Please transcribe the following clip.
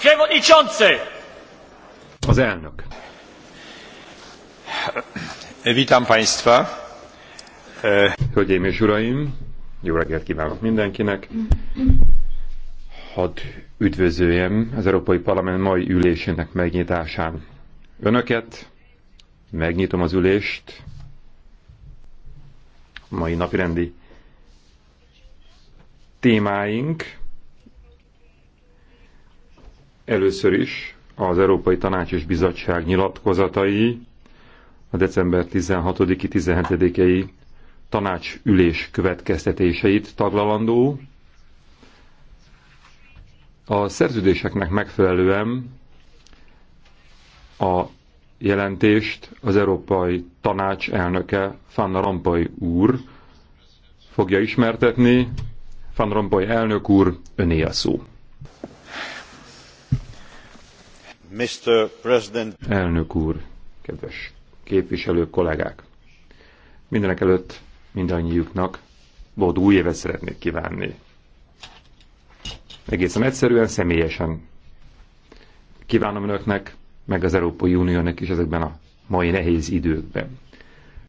Przewodniczący! Az elnök. Witam Państwa. E, hölgyeim és Uraim, jó reggelt kívánok mindenkinek. Hadd üdvözöljem az Európai Parlament mai ülésének megnyitásán. Önöket, megnyitom az ülést, mai napirendi témáink, Először is az Európai Tanács és Bizottság nyilatkozatai a december 16-i 17-i tanácsülés következtetéseit taglalandó. A szerződéseknek megfelelően a jelentést az Európai Tanács elnöke Fanna Rompoy úr fogja ismertetni. Fanna Rompoy elnök úr, öné a szó. Elnök úr, kedves képviselők, kollégák! Mindenek előtt mindannyiuknak boldog új évet szeretnék kívánni. Egészen egyszerűen, személyesen kívánom önöknek, meg az Európai Uniónak is ezekben a mai nehéz időkben.